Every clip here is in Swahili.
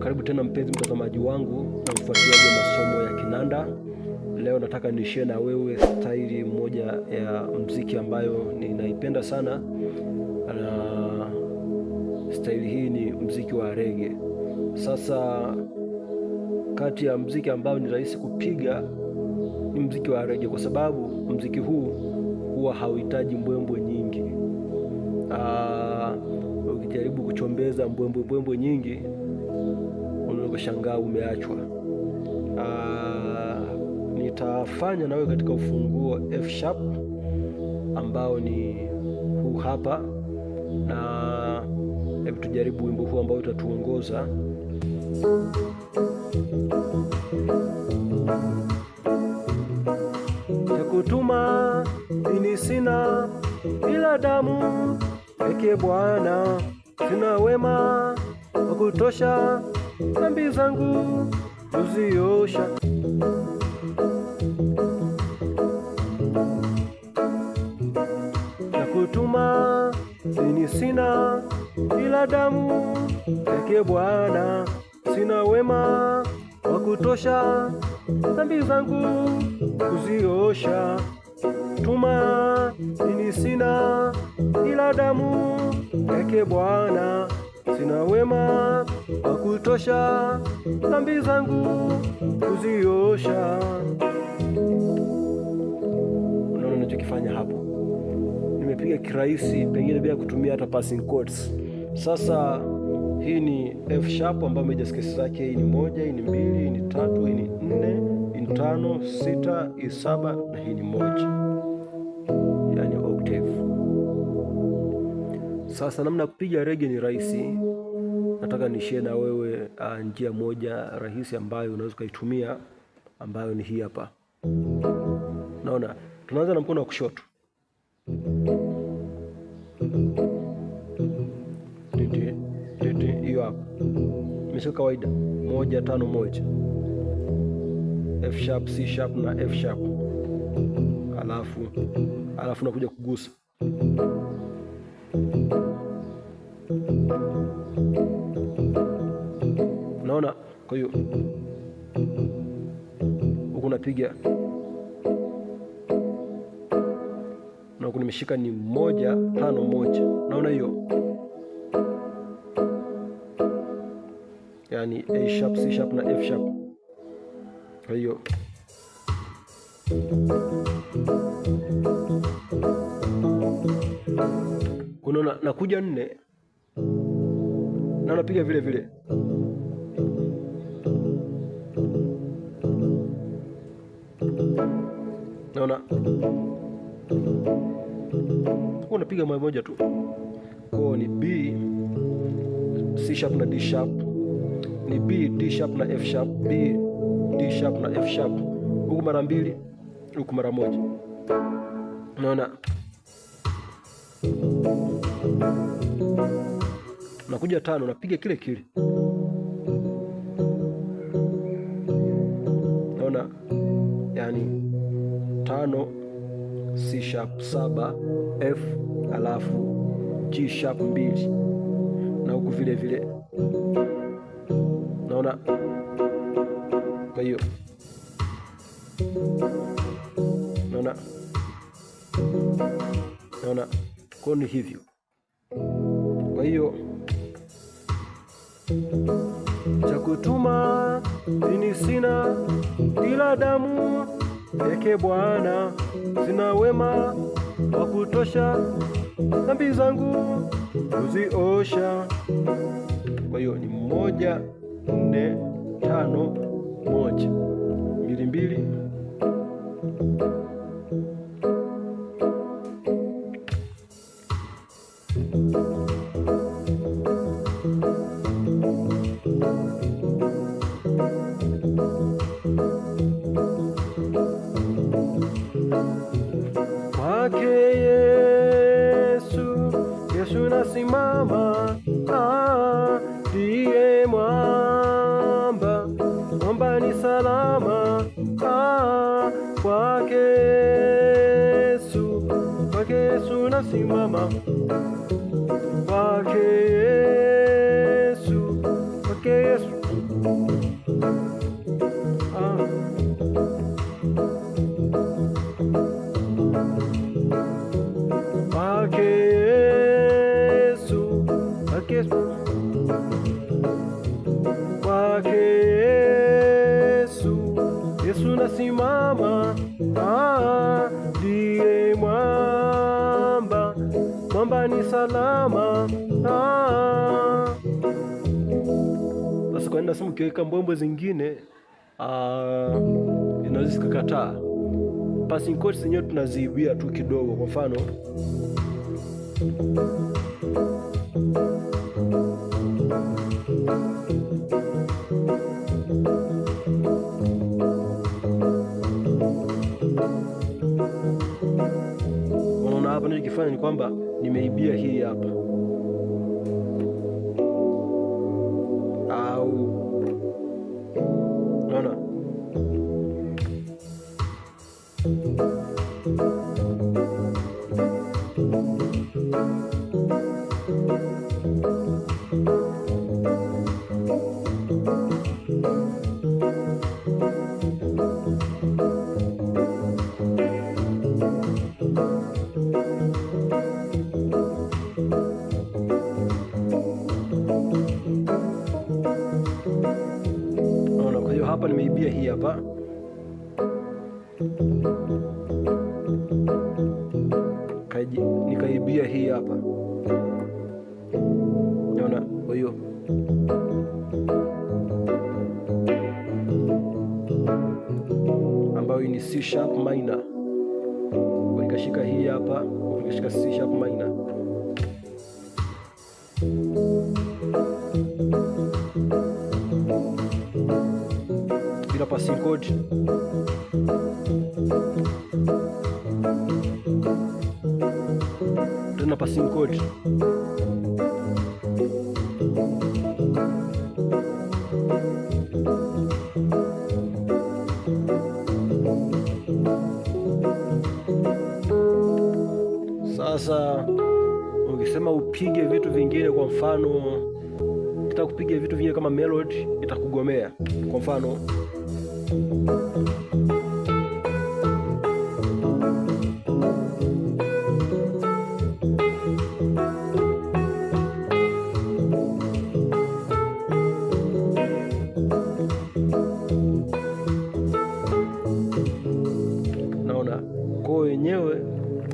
Karibu tena mpenzi mtazamaji wangu mfuatiliaji wa masomo ya kinanda. Leo nataka niishie na wewe staili moja ya mziki ambayo ninaipenda sana na staili hii ni mziki wa rege. Sasa kati ya mziki ambayo ni rahisi kupiga ni mziki wa rege, kwa sababu mziki huu huwa hauhitaji mbwembwe nyingi. ukijaribu kuchombeza mbwembwe mbwembwe nyingi unashangaa umeachwa uh, nitafanya nawe katika ufunguo F sharp ambao ni huu hapa, na hebu tujaribu wimbo huu ambao utatuongoza kutuma ini sina ila damu peke Bwana, sina wema wa kutosha, dhambi zangu tuziosha na kutuma sini sina ila damu pekee Bwana, sina wema wa kutosha, dhambi zangu kuziosha. Tuma sini sina ila damu pekee Bwana, sina wema hakutosha dhambi zangu kuziosha. Unaona unachokifanya hapo, nimepiga kirahisi, pengine bila kutumia hata passing chords. Sasa hii ni F sharp ambayo major scales zake, hii ni moja, hii ni mbili, hii ni tatu, hii ni nne, hii ni tano, sita, hii saba na hii ni moja, yani octave. Sasa namna ya kupiga rege ni rahisi nataka nishie na wewe uh, njia moja rahisi ambayo unaweza ukaitumia ambayo ni hii hapa. Naona tunaanza na mkono wa kushoto hiyo hapa, meshika kawaida moja tano moja F sharp, C sharp na F sharp, alafu alafu nakuja kugusa unaona. Kwa hiyo huku napiga na huku nimeshika ni moja tano moja, naona hiyo yani A sharp, C sharp na F sharp. Kwa hiyo kunaona nakuja nne na napiga vile vile unaona, unapiga moja moja tu kwao, ni B C sharp na D sharp, ni B D sharp na F sharp, B D sharp na F sharp, huku mara mbili, huku mara moja, unaona nakuja tano, napiga kile kile, naona yani tano C sharp saba F alafu G sharp mbili, na huku vile vile naona kwa hiyo naona naona kwa ni hivyo. Kwa hiyo cha kutuma ini sina ila damu yake Bwana zina wema wa kutosha, dhambi zangu kuziosha. Kwa hiyo ni moja nne tano moja mbili mbili wanasimama kwake Yesu, kwake Yesu. Ah. nasema ukiweka mbwembwe zingine uh, inaweza zikakataa. Passing chords zenyewe tunaziibia tu kidogo, kwa mfano unaona hapa, nichokifanya ni kwamba nimeibia hii hapa Hapa nimeibia hii hapa nikaibia hii hapa ukiona huyu ambayo ni C sharp minor, ulikashika hii hapa, ulikashika C sharp minor bila passing chord tena passing chord mfano kitaka kupiga vitu vingine kama melody itakugomea. Kwa mfano naona kwao wenyewe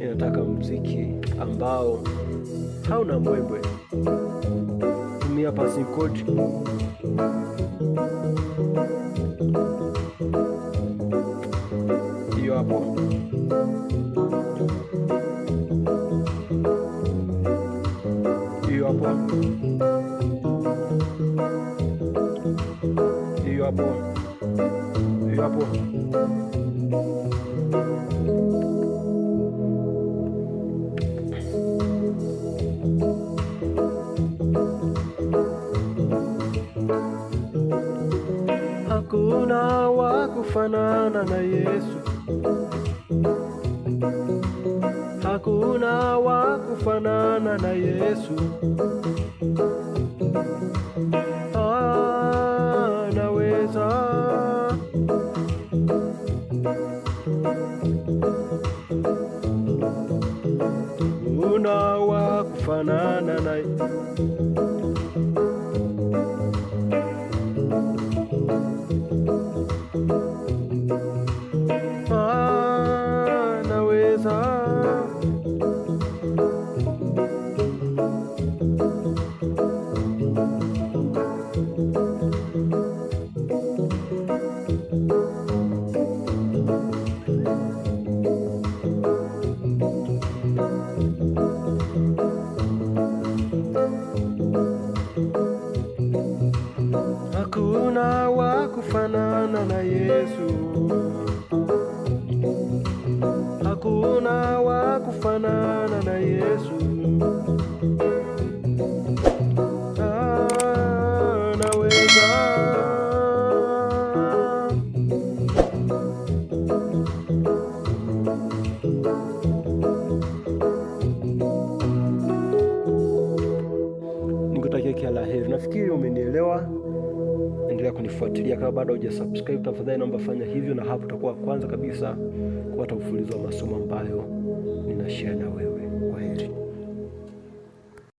inataka mziki ambao hauna mbwembwe. Tumia passing code hiyo hapo. Hiyo hapo. Hiyo hapo. Hiyo hapo. hakuna wa kufanana na Yesu, hakuna wa kufanana na Yesu. Ah, una wa kufanana na Bwana Yesu, hakuna wa kufanana na Yesu. Anaweza nikutakia kila la heri. Nafikiri umenielewa kufuatilia. Kama bado hujasubscribe, tafadhali naomba fanya hivyo, na hapo utakuwa kwanza kabisa kupata mfululizo wa masomo ambayo ninashare na wewe.